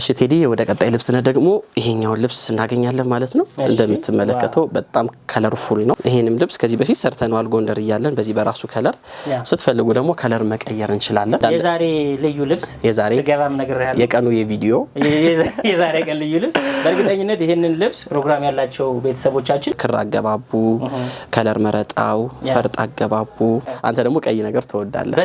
እሺ ቴዲ ወደ ቀጣይ ልብስ ነህ ደግሞ ይሄኛውን ልብስ እናገኛለን ማለት ነው። እንደምትመለከተው በጣም ከለርፉል ነው። ይሄንም ልብስ ከዚህ በፊት ሰርተነዋል ጎንደር እያለን በዚህ በራሱ ከለር። ስትፈልጉ ደግሞ ከለር መቀየር እንችላለን። የዛሬ ልዩ ልብስ የዛሬ የቀኑ የቪዲዮ የዛሬ ቀን ልዩ ልብስ በእርግጠኝነት ይሄንን ልብስ ፕሮግራም ያላቸው ቤተሰቦቻችን ክር አገባቡ፣ ከለር መረጣው፣ ፈርጥ አገባቡ። አንተ ደግሞ ቀይ ነገር ትወዳለህ።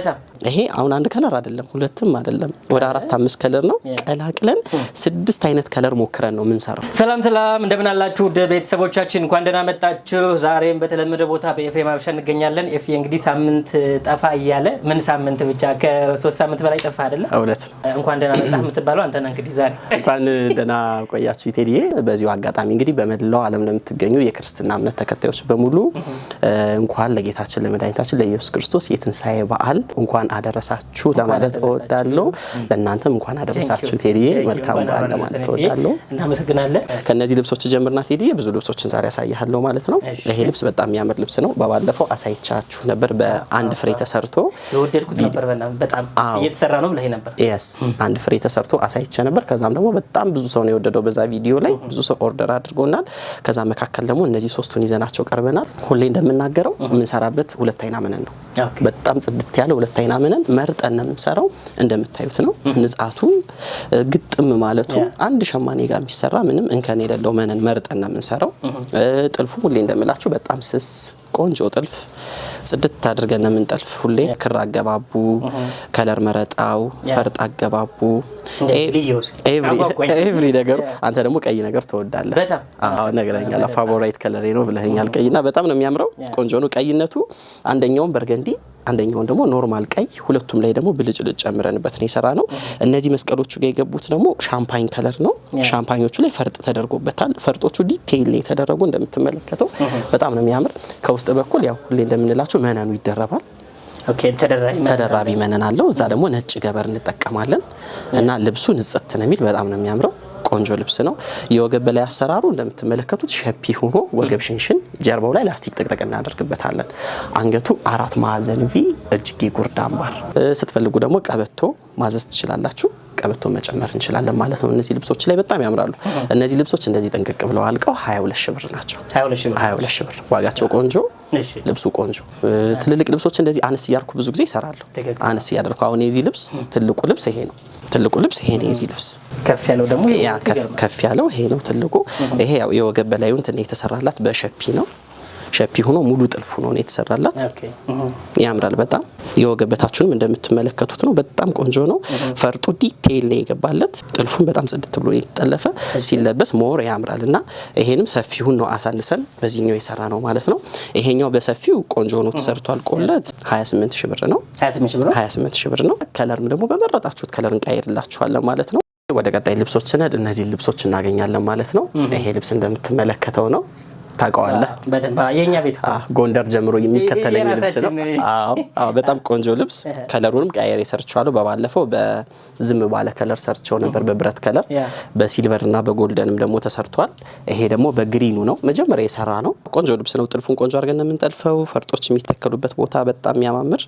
ይሄ አሁን አንድ ከለር አይደለም ሁለትም አይደለም ወደ አራት አምስት ከለር ነው ቀላቅለን አድርገን ስድስት አይነት ከለር ሞክረን ነው የምንሰራው። ሰላም ሰላም፣ እንደምን አላችሁ ውድ ቤተሰቦቻችን፣ እንኳን ደህና መጣችሁ። ዛሬም በተለመደ ቦታ በኤፍኤ ማብሻ እንገኛለን። ኤፌ እንግዲህ ሳምንት ጠፋ እያለ ምን ሳምንት ብቻ ከሶስት ሳምንት በላይ ጠፋ አይደለ? እውነት ነው። እንኳን ደህና መጣ የምትባለው አንተና እንግዲህ ዛሬ እንኳን ደህና ቆያችሁ ቴዲዬ። በዚሁ አጋጣሚ እንግዲህ በመላው ዓለም ለምትገኙ የክርስትና እምነት ተከታዮች በሙሉ እንኳን ለጌታችን ለመድኃኒታችን ለኢየሱስ ክርስቶስ የትንሣኤ በዓል እንኳን አደረሳችሁ ለማለት እወዳለሁ። ለእናንተም እንኳን አደረሳችሁ ቴዲዬ። መልካም በዓል ለማለት እወዳለሁ። እናመሰግናለን። ከእነዚህ ልብሶች ጀምርና ቴዲ ብዙ ልብሶችን ዛሬ ያሳያለሁ ማለት ነው። ይሄ ልብስ በጣም የሚያምር ልብስ ነው። በባለፈው አሳይቻችሁ ነበር። በአንድ ፍሬ ተሰርቶ የወደድኩት ነበር። በጣም እየተሰራ ነው ብለህ ነበር። የስ አንድ ፍሬ ተሰርቶ አሳይቼ ነበር። ከዛም ደግሞ በጣም ብዙ ሰው ነው የወደደው በዛ ቪዲዮ ላይ ብዙ ሰው ኦርደር አድርጎናል። ከዛ መካከል ደግሞ እነዚህ ሶስቱን ይዘናቸው ቀርበናል። ሁሌ እንደምናገረው የምንሰራበት ሁለት አይና ምንን ነው በጣም ጽድት ያለ ሁለት አይና ምንን መርጠን ነው የምንሰራው። እንደምታዩት ነው ንጻቱ፣ ግጥም ማለቱ አንድ ሸማኔ ጋር የሚሰራ ምንም እንከን የሌለው መነን መርጠን ነው የምንሰራው። ጥልፉ ሁሌ እንደምላችሁ በጣም ስስ ቆንጆ ጥልፍ ጽድት አድርገን ነው የምንጠልፍ። ሁሌ ክር አገባቡ፣ ከለር መረጣው፣ ፈርጥ አገባቡ፣ ኤቭሪ ነገሩ። አንተ ደግሞ ቀይ ነገር ትወዳለህ ነግረኛል። ፋቮራይት ከለሬ ነው ብለኛል። ቀይና በጣም ነው የሚያምረው። ቆንጆ ነው ቀይነቱ። አንደኛውም በርገንዲ አንደኛውን ደግሞ ኖርማል ቀይ፣ ሁለቱም ላይ ደግሞ ብልጭልጭ ጨምረንበት ነው የሰራ ነው። እነዚህ መስቀሎቹ ጋር የገቡት ደግሞ ሻምፓኝ ከለር ነው። ሻምፓኞቹ ላይ ፈርጥ ተደርጎበታል። ፈርጦቹ ዲቴይል ላይ የተደረጉ እንደምትመለከተው በጣም ነው የሚያምር። ከውስጥ በኩል ያው ሁሌ እንደምንላቸው መነኑ ይደረባል። ተደራቢ መነን አለው። እዛ ደግሞ ነጭ ገበር እንጠቀማለን እና ልብሱ ንጽት ነው የሚል በጣም ነው የሚያምረው። ቆንጆ ልብስ ነው። የወገብ በላይ አሰራሩ እንደምትመለከቱት ሸፒ ሆኖ ወገብ ሽንሽን፣ ጀርባው ላይ ላስቲክ ጥቅጥቅ እናደርግበታለን። አንገቱ አራት ማዕዘን ቪ፣ እጅጌ ጉርድ አምባር። ስትፈልጉ ደግሞ ቀበቶ ማዘዝ ትችላላችሁ። ቀበቶ መጨመር እንችላለን ማለት ነው። እነዚህ ልብሶች ላይ በጣም ያምራሉ። እነዚህ ልብሶች እንደዚህ ጥንቅቅ ብለው አልቀው 22 ሺህ ብር ናቸው። 22 ሺህ ብር ዋጋቸው ቆንጆ፣ ልብሱ ቆንጆ። ትልልቅ ልብሶች እንደዚህ አነስ እያልኩ ብዙ ጊዜ ይሰራሉ። አነስ እያደርኩ አሁን የዚህ ልብስ ትልቁ ልብስ ይሄ ነው። ትልቁ ልብስ ይሄ ነው። የዚህ ልብስ ከፍ ያለው ደግሞ ከፍ ያለው ይሄ ነው ትልቁ። ይሄ ያው የወገብ በላዩን እንትን የተሰራላት በሸፒ ነው ሸፒ ሆኖ ሙሉ ጥልፍ ሆኖ ነው የተሰራላት። ያምራል በጣም የወገበታችሁንም እንደምትመለከቱት ነው። በጣም ቆንጆ ነው። ፈርጡ ዲቴይል ነው የገባለት። ጥልፉን በጣም ጽድት ብሎ የተጠለፈ ሲለበስ ሞር ያምራል እና ይሄንም ሰፊ ነው አሳንሰን በዚህኛው የሰራ ነው ማለት ነው። ይሄኛው በሰፊው ቆንጆ ሆኖ ተሰርቷል። ቆለት 28 ሺ ብር ነው። 28 ሺ ብር ነው። ከለርም ደግሞ በመረጣችሁት ከለር እንቀይርላችኋለን ማለት ነው። ወደ ቀጣይ ልብሶች ስነድ ልብሶች እናገኛለን ማለት ነው። ይሄ ልብስ እንደምትመለከተው ነው። ታውቀዋለህ። ጎንደር ጀምሮ የሚከተለኝ ልብስ ነው። በጣም ቆንጆ ልብስ፣ ከለሩንም ቀያሬ ሰርችዋለሁ። በባለፈው በዝም ባለ ከለር ሰርቸው ነበር፣ በብረት ከለር፣ በሲልቨር እና በጎልደንም ደግሞ ተሰርቷል። ይሄ ደግሞ በግሪኑ ነው መጀመሪያ የሰራ ነው። ቆንጆ ልብስ ነው። ጥልፉን ቆንጆ አድርገን የምንጠልፈው። ፈርጦች የሚተከሉበት ቦታ በጣም የሚያማምር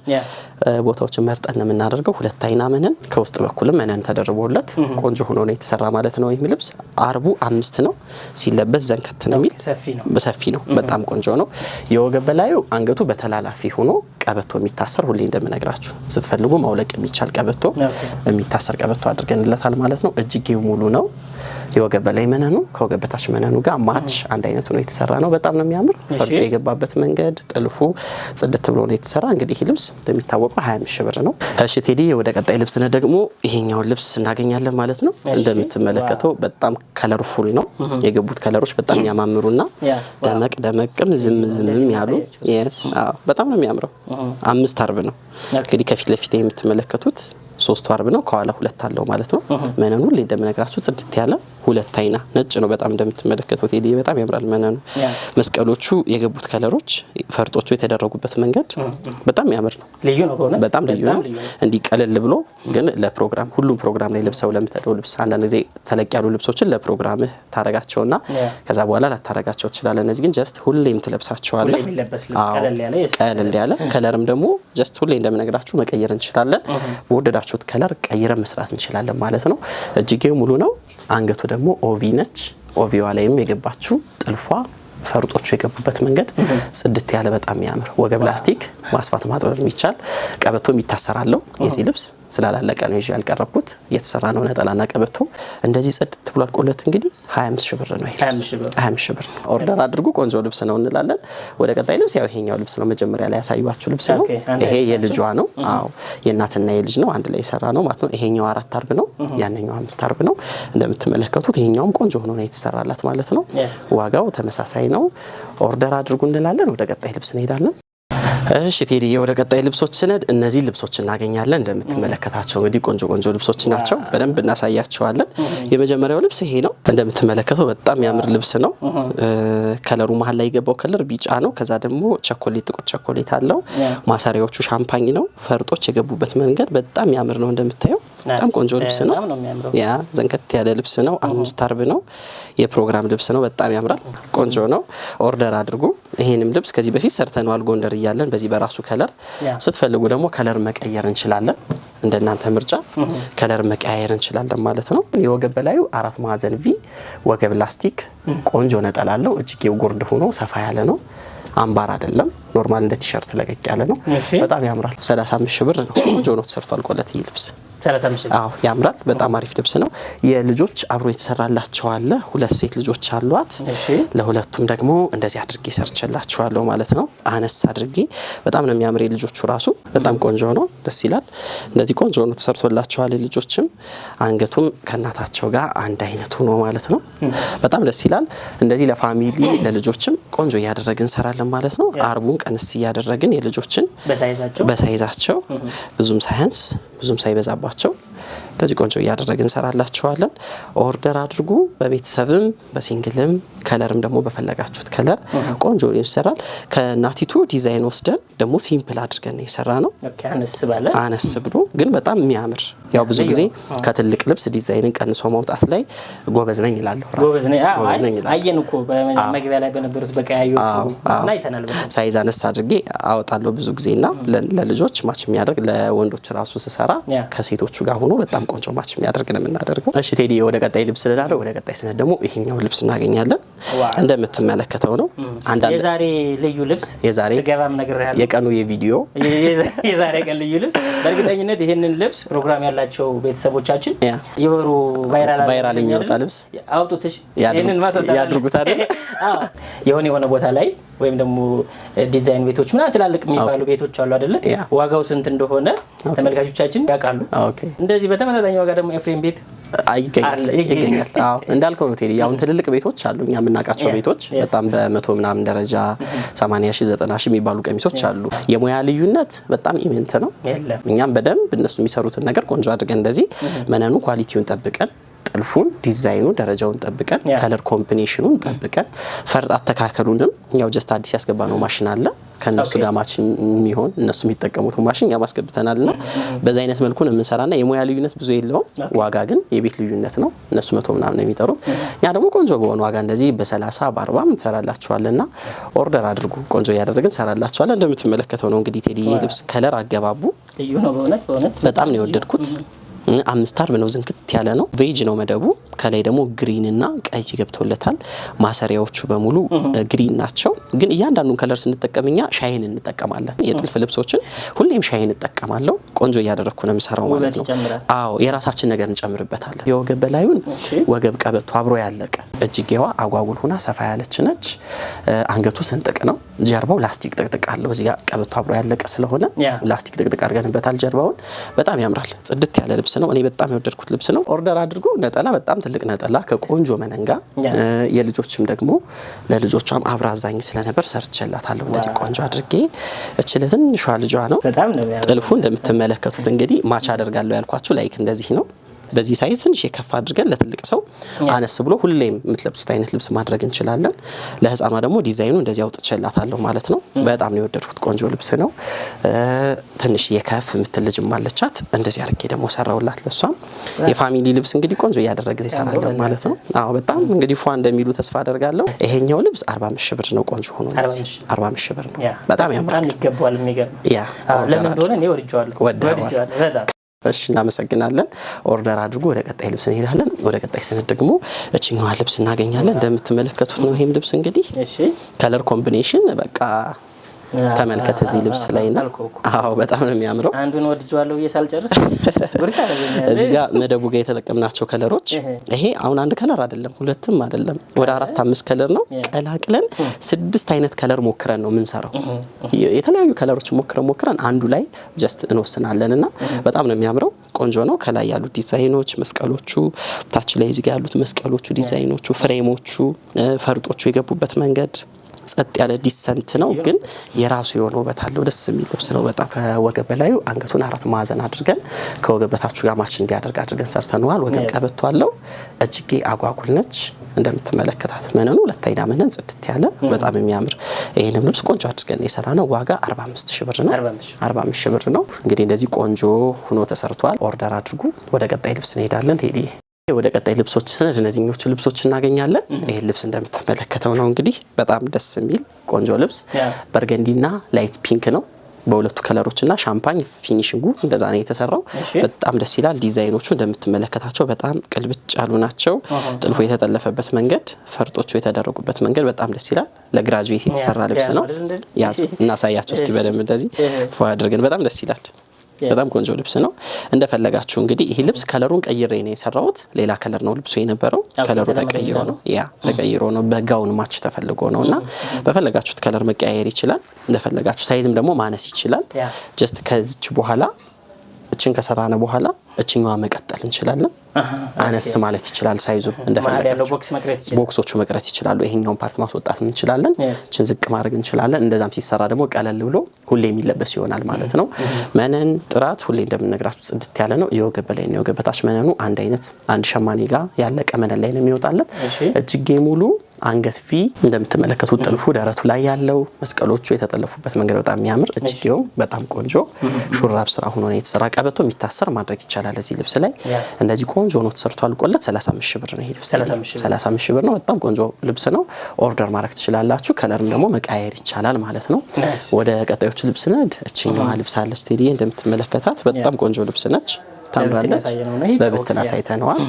ቦታዎችን መርጠን ነው የምናደርገው። ሁለት አይና መነን ከውስጥ በኩልም መነን ተደርቦለት ቆንጆ ሆኖ ነው የተሰራ ማለት ነው። ይህም ልብስ አርቡ አምስት ነው። ሲለበስ ዘንከት ነው የሚል ሰፊ ነው። በጣም ቆንጆ ነው። የወገብ በላዩ አንገቱ በተላላፊ ሆኖ ቀበቶ የሚታሰር ሁሌ እንደምነግራችሁ ስትፈልጉ ማውለቅ የሚቻል ቀበቶ የሚታሰር ቀበቶ አድርገንለታል ማለት ነው። እጅጌው ሙሉ ነው። የወገብ በላይ መነኑ ከወገብ በታች መነኑ ጋር ማች አንድ አይነት ሆኖ የተሰራ ነው። በጣም ነው የሚያምር። ፈርጦ የገባበት መንገድ ጥልፉ ጽድት ብሎ ነው የተሰራ። እንግዲህ ይህ ልብስ እንደሚታወቀው ሀያ አምስት ሺህ ብር ነው። እሺ ቴዲ፣ ወደ ቀጣይ ልብስ ደግሞ ይሄኛውን ልብስ እናገኛለን ማለት ነው። እንደምትመለከተው በጣም ከለርፉል ነው የገቡት ከለሮች በጣም ያማምሩና ደመቅ ደመቅም ዝም ዝምም ያሉ ስ በጣም ነው የሚያምረው። አምስት አርብ ነው እንግዲህ ከፊት ለፊት የምትመለከቱት ሶስቱ አርብ ነው። ከኋላ ሁለት አለው ማለት ነው። መነኑ ሁሌ እንደምነግራችሁ ጽድት ያለ ሁለት አይና ነጭ ነው። በጣም እንደምትመለከተው ቴዲ በጣም ያምራል። መነኑ መስቀሎቹ የገቡት ከለሮች፣ ፈርጦቹ የተደረጉበት መንገድ በጣም ያምር ነው። ልዩ ነው፣ በጣም ልዩ ነው። እንዲህ ቀለል ብሎ ግን ለፕሮግራም ሁሉም ፕሮግራም ላይ ልብሰው ለምትሄደው ልብስ አንዳንድ ጊዜ ተለቅ ያሉ ልብሶችን ለፕሮግራምህ ታረጋቸውና ከዛ በኋላ ላታረጋቸው ትችላለህ። እነዚህ ግን ጀስት ሁሌም ትለብሳቸዋለህ። ቀለል ያለ ከለርም ደግሞ ጀስት ሁሌ እንደምነግራችሁ መቀየር እንችላለን። በወደዳችሁት ከለር ቀይረን መስራት እንችላለን ማለት ነው። እጅጌው ሙሉ ነው። አንገቱ ደግሞ ኦቪ ነች። ኦቪዋ ላይም የገባችው ጥልፏ ፈርጦቹ የገቡበት መንገድ ጽድት ያለ በጣም ያምር ወገብ ላስቲክ ማስፋት ማጥበብ የሚቻል ቀበቶ ይታሰራለው የዚህ ልብስ ስላላለቀ ነው ይዤ ያልቀረብኩት። እየተሰራ ነው ነጠላና ቀበቶ እንደዚህ ጽድት ብሏል። ቁልት እንግዲህ 25 ሺህ ብር ነው። ይሄ 25 ሺህ ነው። ኦርደር አድርጉ። ቆንጆ ልብስ ነው እንላለን። ወደ ቀጣይ ልብስ ያው ይሄኛው ልብስ ነው መጀመሪያ ላይ ያሳዩችሁ ልብስ ነው። ይሄ የልጇ ነው። አዎ የእናትና የልጅ ነው። አንድ ላይ የሰራ ነው ማለት ነው። ይሄኛው አራት አርብ ነው፣ ያነኛው አምስት አርብ ነው። እንደምትመለከቱት ይሄኛውም ቆንጆ ሆኖ ነው የተሰራላት ማለት ነው። ዋጋው ተመሳሳይ ነው። ኦርደር አድርጉ እንላለን። ወደ ቀጣይ ልብስ እንሄዳለን። እሺ ቴዲዬ፣ ወደ ቀጣይ ልብሶች ስነድ እነዚህ ልብሶች እናገኛለን። እንደምትመለከታቸው እንግዲህ ቆንጆ ቆንጆ ልብሶች ናቸው። በደንብ እናሳያቸዋለን። የመጀመሪያው ልብስ ይሄ ነው። እንደምትመለከተው በጣም ያምር ልብስ ነው። ከለሩ መሀል ላይ የገባው ከለር ቢጫ ነው። ከዛ ደግሞ ቸኮሌት፣ ጥቁር ቸኮሌት አለው። ማሰሪያዎቹ ሻምፓኝ ነው። ፈርጦች የገቡበት መንገድ በጣም ያምር ነው እንደምታየው በጣም ቆንጆ ልብስ ነው። ያ ዘንከት ያለ ልብስ ነው። አምስት አርብ ነው የፕሮግራም ልብስ ነው። በጣም ያምራል። ቆንጆ ነው። ኦርደር አድርጉ። ይሄንም ልብስ ከዚህ በፊት ሰርተነዋል ጎንደር እያለን በዚህ በራሱ ከለር። ስትፈልጉ ደግሞ ከለር መቀየር እንችላለን፣ እንደናንተ ምርጫ ከለር መቀያየር እንችላለን ማለት ነው። የወገብ በላዩ አራት ማዕዘን ቪ ወገብ ላስቲክ ቆንጆ ነጠላለው። እጅጌው ጉርድ ሆኖ ሰፋ ያለ ነው። አምባር አይደለም፣ ኖርማል እንደ ቲሸርት ለቀቅ ያለ ነው። በጣም ያምራል። 35 ሺህ ብር ነው። ቆንጆ ነው፣ ተሰርቷል። ቆለት ይህ ልብስ ያምራል። በጣም አሪፍ ልብስ ነው። የልጆች አብሮ የተሰራላቸው አለ። ሁለት ሴት ልጆች አሏት። ለሁለቱም ደግሞ እንደዚህ አድርጌ ሰርችላችኋለሁ ማለት ነው። አነስ አድርጌ በጣም ነው የሚያምር። የልጆቹ ራሱ በጣም ቆንጆ ነው፣ ደስ ይላል። እንደዚህ ቆንጆ ነው ተሰርቶላቸዋል። ልጆችም አንገቱም ከእናታቸው ጋር አንድ አይነት ሆኖ ማለት ነው። በጣም ደስ ይላል። እንደዚህ ለፋሚሊ ለልጆችም ቆንጆ እያደረግን እንሰራለን ማለት ነው። አርቡን ቀንስ እያደረግን የልጆችን በሳይዛቸው ብዙም ሳያንስ ብዙም ሳይበዛባቸው እንደዚህ ቆንጆ እያደረግ እንሰራላችኋለን። ኦርደር አድርጉ። በቤተሰብም በሲንግልም ከለርም ደግሞ በፈለጋችሁት ከለር ቆንጆ ይሰራል። ከናቲቱ ዲዛይን ወስደን ደግሞ ሲምፕል አድርገን የሰራ ነው። አነስ ብሎ ግን በጣም የሚያምር ያው ብዙ ጊዜ ከትልቅ ልብስ ዲዛይንን ቀንሶ ማውጣት ላይ ጎበዝ ነኝ ይላለሁ። አየን እኮ በመግቢያ ላይ በነበሩት በቀያዩ ሳይዝ አነስ አድርጌ አወጣለሁ ብዙ ጊዜ እና ለልጆች ማች የሚያደርግ ለወንዶች ራሱ ስሰራ ከሴቶቹ ጋር ሆኖ በጣም ቆንጆ ማች የሚያደርግ ነው የምናደርገው። እሺ ቴዲ፣ ወደ ቀጣይ ልብስ ልላለ። ወደ ቀጣይ ስነት ደግሞ ይሄኛውን ልብስ እናገኛለን። እንደምትመለከተው ነው የዛሬ ልዩ ልብስ። የዛሬ ስገባም ነግሬሃለሁ፣ የቀኑ የቪዲዮ የዛሬ ቀን ልዩ ልብስ። በእርግጠኝነት ይህንን ልብስ ፕሮግራም ያላቸው ቤተሰቦቻችን የወሩ ቫይራል የሚወጣ ልብስ አውጡትሽ፣ ይህንን ማሰልጠ ያድርጉታል የሆነ የሆነ ቦታ ላይ ወይም ደግሞ ዲዛይን ቤቶች ምናምን ትላልቅ የሚባሉ ቤቶች አሉ አይደለ? ዋጋው ስንት እንደሆነ ተመልካቾቻችን ያውቃሉ። እንደዚህ በተመጣጣኝ ዋጋ ደግሞ ኤፍሬም ቤት ይገኛል። እንዳልከው ነው ቴዲ፣ አሁን ትልልቅ ቤቶች አሉ፣ እኛ የምናውቃቸው ቤቶች በጣም በመቶ ምናምን ደረጃ 80 ሺህ 90 ሺህ የሚባሉ ቀሚሶች አሉ። የሙያ ልዩነት በጣም ኢሜንት ነው። እኛም በደንብ እነሱ የሚሰሩትን ነገር ቆንጆ አድርገን እንደዚህ መነኑ ኳሊቲውን ጠብቀን ጥልፉን፣ ዲዛይኑን፣ ደረጃውን ጠብቀን ከለር ኮምቢኔሽኑን ጠብቀን ፈርጥ አተካከሉንም ያው ጀስት አዲስ ያስገባ ነው ማሽን አለ ከእነሱ ጋር ማሽን የሚሆን እነሱ የሚጠቀሙት ማሽን እኛም አስገብተናል ና በዛ አይነት መልኩ ነው ና የሙያ ልዩነት ብዙ የለውም። ዋጋ ግን የቤት ልዩነት ነው። እነሱ መቶ ምናምን ነው የሚጠሩት፣ እኛ ደግሞ ቆንጆ በሆነ ዋጋ እንደዚህ በሰላሳ በአርባ ና ኦርደር አድርጉ። ቆንጆ እያደረግን እንሰራላችኋለን። እንደምትመለከተው ነው እንግዲህ ቴዲ ልብስ ከለር አገባቡ ልዩ ነው። በእውነት በእውነት በጣም ነው የወደድኩት። አምስት አርብ ነው፣ ዝንክት ያለ ነው። ቬጅ ነው መደቡ ከላይ ደግሞ ግሪን እና ቀይ ገብቶለታል። ማሰሪያዎቹ በሙሉ ግሪን ናቸው። ግን እያንዳንዱን ከለር ስንጠቀም እኛ ሻይን እንጠቀማለን። የጥልፍ ልብሶችን ሁሌም ሻይን እጠቀማለሁ። ቆንጆ እያደረግኩ ነው የምሰራው ማለት ነው። አዎ የራሳችን ነገር እንጨምርበታለን። የወገብ በላዩን ወገብ ቀበቶ አብሮ ያለቀ፣ እጅጌዋ አጓጉል ሁና ሰፋ ያለች ነች። አንገቱ ስንጥቅ ነው። ጀርባው ላስቲክ ጥቅጥቅ አለው። እዚጋ ቀበቶ አብሮ ያለቀ ስለሆነ ላስቲክ ጥቅጥቅ አድርገንበታል ጀርባውን። በጣም ያምራል። ጽድት ያለ ልብስ ነው። እኔ በጣም የወደድኩት ልብስ ነው። ኦርደር አድርጎ ነጠላ በጣም ትልቅ ነጠላ ከቆንጆ መነንጋ የልጆችም ደግሞ ለልጆቿም አብራዛኝ ስለነበር ሰርቼላታለሁ። እንደዚህ ቆንጆ አድርጌ እች ለትንሿ ልጇ ነው ጥልፉ እንደምትመለከቱት እንግዲህ ማች አደርጋለሁ ያልኳችሁ ላይክ እንደዚህ ነው። በዚህ ሳይዝ ትንሽ የከፍ አድርገን ለትልቅ ሰው አነስ ብሎ ሁሌም የምትለብሱት አይነት ልብስ ማድረግ እንችላለን። ለህፃኗ ደግሞ ዲዛይኑ እንደዚህ አውጥቼላታለሁ ማለት ነው። በጣም ነው የወደድኩት። ቆንጆ ልብስ ነው። ትንሽ የከፍ የምትል ልጅም አለቻት። እንደዚህ አድርጌ ደግሞ ሰራውላት። ለሷም የፋሚሊ ልብስ እንግዲህ ቆንጆ እያደረግን እንሰራለን ማለት ነው። አዎ በጣም እንግዲህ ፏ እንደሚሉ ተስፋ አደርጋለሁ። ይሄኛው ልብስ 45 ሺህ ብር ነው። ቆንጆ ሆኖ 45 ሺህ ብር ነው። በጣም ያምራል። ይገባዋል። የሚገርም ያ ለምን እንደሆነ እኔ ወድጀዋለሁ። እሺ እናመሰግናለን። ኦርደር አድርጎ ወደ ቀጣይ ልብስ እንሄዳለን። ወደ ቀጣይ ስንድ ደግሞ እችኛዋን ልብስ እናገኛለን። እንደምትመለከቱት ነው። ይህም ልብስ እንግዲህ ከለር ኮምቢኔሽን በቃ ተመልከት እዚህ ልብስ ላይ ና። አዎ በጣም ነው የሚያምረው። አንዱን ወድጀዋለሁ ሳልጨርስ እዚህ ጋር መደቡ ጋር የተጠቀምናቸው ከለሮች ይሄ አሁን አንድ ከለር አይደለም፣ ሁለትም አይደለም፣ ወደ አራት አምስት ከለር ነው ቀላቅለን ስድስት አይነት ከለር ሞክረን ነው የምንሰራው። የተለያዩ ከለሮች ሞክረን ሞክረን አንዱ ላይ ጀስት እንወስናለን እና በጣም ነው የሚያምረው። ቆንጆ ነው። ከላይ ያሉት ዲዛይኖች መስቀሎቹ፣ ታች ላይ እዚህ ያሉት መስቀሎቹ፣ ዲዛይኖቹ፣ ፍሬሞቹ፣ ፈርጦቹ የገቡበት መንገድ ጸጥ ያለ ዲሰንት ነው፣ ግን የራሱ የሆነ ውበት አለው። ደስ የሚል ልብስ ነው በጣም ከወገብ በላዩ አንገቱን አራት ማዕዘን አድርገን ከወገብ በታችሁ ጋር ማች እንዲያደርግ አድርገን ሰርተነዋል። ወገብ ቀበቶ አለው። እጅጌ አጓጉል ነች እንደምትመለከታት። መነኑ ሁለት አይና መነን ጽድት ያለ hmm. በጣም የሚያምር ይህንም ልብስ ቆንጆ አድርገን የሰራ ነው። ዋጋ 45 ብር ነው። 45 ሺህ ብር ነው። እንግዲህ እንደዚህ ቆንጆ ሁኖ ተሰርቷል። ኦርደር አድርጉ። ወደ ቀጣይ ልብስ እንሄዳለን። ቴዲ ወደ ቀጣይ ልብሶች ስነድ እነዚህኞቹ ልብሶች እናገኛለን። ይህን ልብስ እንደምትመለከተው ነው እንግዲህ በጣም ደስ የሚል ቆንጆ ልብስ በርገንዲና ላይት ፒንክ ነው በሁለቱ ከለሮች እና ሻምፓኝ ፊኒሽንጉ እንደዛ ነው የተሰራው። በጣም ደስ ይላል። ዲዛይኖቹ እንደምትመለከታቸው በጣም ቅልብጭ ያሉ ናቸው። ጥልፎ የተጠለፈበት መንገድ፣ ፈርጦቹ የተደረጉበት መንገድ በጣም ደስ ይላል። ለግራጁዌት የተሰራ ልብስ ነው። እናሳያቸው እስኪ በደንብ እንደዚህ ፎ አድርገን በጣም ደስ ይላል። በጣም ቆንጆ ልብስ ነው። እንደፈለጋችሁ እንግዲህ ይህ ልብስ ከለሩን ቀይሬ ነው የሰራሁት። ሌላ ከለር ነው ልብሱ የነበረው። ከለሩ ተቀይሮ ነው ያ ተቀይሮ ነው በጋውን ማች ተፈልጎ ነው እና በፈለጋችሁት ከለር መቀያየር ይችላል። እንደፈለጋችሁ ሳይዝም ደግሞ ማነስ ይችላል። ጀስት ከዚች በኋላ እችን ከሰራነ በኋላ እችኛዋ መቀጠል እንችላለን። አነስ ማለት ይችላል። ሳይዙ እንደፈለጋችሁ ቦክሶቹ መቅረት ይችላሉ። ይሄኛውን ፓርት ማስወጣት እንችላለን። እችን ዝቅ ማድረግ እንችላለን። እንደዛም ሲሰራ ደግሞ ቀለል ብሎ ሁሌ የሚለበስ ይሆናል ማለት ነው። መነን ጥራት ሁሌ እንደምነግራችሁ ጽድት ያለ ነው። የወገብ በላይ እና የወገብ በታች መነኑ አንድ አይነት አንድ ሸማኔ ጋር ያለቀ መነን ላይ ነው የሚወጣለት እጅጌ ሙሉ አንገት ቪ እንደምትመለከቱት ጥልፉ ደረቱ ላይ ያለው መስቀሎቹ የተጠለፉበት መንገድ በጣም የሚያምር እጅጌውም በጣም ቆንጆ ሹራብ ስራ ሆኖ ነው የተሰራ። ቀበቶ የሚታሰር ማድረግ ይቻላል እዚህ ልብስ ላይ እንደዚህ ቆንጆ ሆኖ ተሰርቶ አልቆለት 35 ሺህ ብር ነው። ይሄ ልብስ 35 ሺህ ብር ነው። በጣም ቆንጆ ልብስ ነው። ኦርደር ማድረግ ትችላላችሁ። ከለርም ደግሞ መቃየር ይቻላል ማለት ነው። ወደ ቀጣዮቹ ልብስ ነድ እችኛዋ ልብስ አለች ቴዲ እንደምትመለከታት በጣም ቆንጆ ልብስ ነች። ታምራለች። በብትን አሳይተነዋል።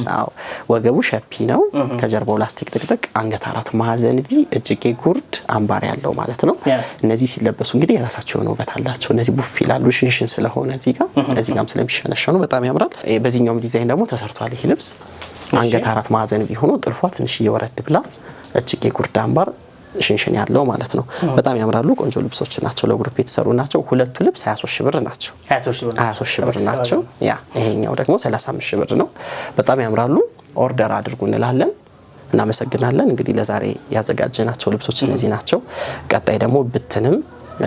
ወገቡ ሸፒ ነው፣ ከጀርባው ላስቲክ ጥቅጥቅ፣ አንገት አራት ማዕዘን ቪ፣ እጅጌ ጉርድ አምባር ያለው ማለት ነው። እነዚህ ሲለበሱ እንግዲህ የራሳቸው የሆነ ውበት አላቸው። እነዚህ ቡፍ ይላሉ፣ ሽንሽን ስለሆነ እዚህ ጋር እዚህ ጋርም ስለሚሸነሸኑ በጣም ያምራል። በዚህኛውም ዲዛይን ደግሞ ተሰርቷል ይህ ልብስ አንገት አራት ማዕዘን ሆኖ ጥልፏ ትንሽ እየወረድ ብላ እጅጌ ጉርድ አምባር ሽንሽን ያለው ማለት ነው። በጣም ያምራሉ። ቆንጆ ልብሶች ናቸው። ለግሩፕ የተሰሩ ናቸው። ሁለቱ ልብስ 23 ብር ናቸው። 23 ብር ናቸው። ያ ይሄኛው ደግሞ 35 ብር ነው። በጣም ያምራሉ። ኦርደር አድርጉ እንላለን። እናመሰግናለን። እንግዲህ ለዛሬ ያዘጋጀናቸው ልብሶች እነዚህ ናቸው። ቀጣይ ደግሞ ብትንም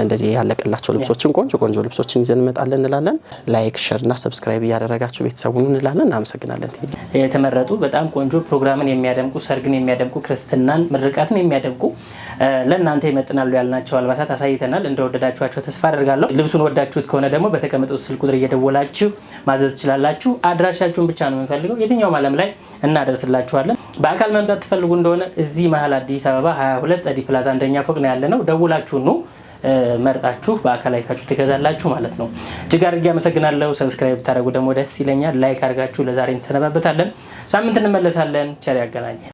እንደዚህ ያለቀላቸው ልብሶችን ቆንጆ ቆንጆ ልብሶችን ይዘን እንመጣለን እንላለን። ላይክ ሸር እና ሰብስክራይብ እያደረጋችሁ ቤተሰቡን እንላለን። እናመሰግናለን። የተመረጡ በጣም ቆንጆ ፕሮግራምን የሚያደምቁ ሰርግን የሚያደምቁ ክርስትናን፣ ምርቃትን የሚያደምቁ ለእናንተ ይመጥናሉ ያልናቸው አልባሳት አሳይተናል። እንደወደዳችኋቸው ተስፋ አደርጋለሁ። ልብሱን ወዳችሁት ከሆነ ደግሞ በተቀመጠው ስልክ ቁጥር እየደወላችሁ ማዘዝ ትችላላችሁ። አድራሻችሁን ብቻ ነው የምንፈልገው። የትኛውም ዓለም ላይ እናደርስላችኋለን። በአካል መምጣት ትፈልጉ እንደሆነ እዚህ መሀል አዲስ አበባ 22 ጸዲ ፕላዛ አንደኛ ፎቅ ነው ያለ ነው። ደውላችሁ ኑ። መርጣችሁ በአካል አይታችሁ ትገዛላችሁ ማለት ነው። እጅግ አድርጌ አመሰግናለሁ። ሰብስክራይብ ታደረጉ ደግሞ ደስ ይለኛል። ላይክ አድርጋችሁ ለዛሬ እንሰነባበታለን። ሳምንት እንመለሳለን። ቸር ያገናኘን።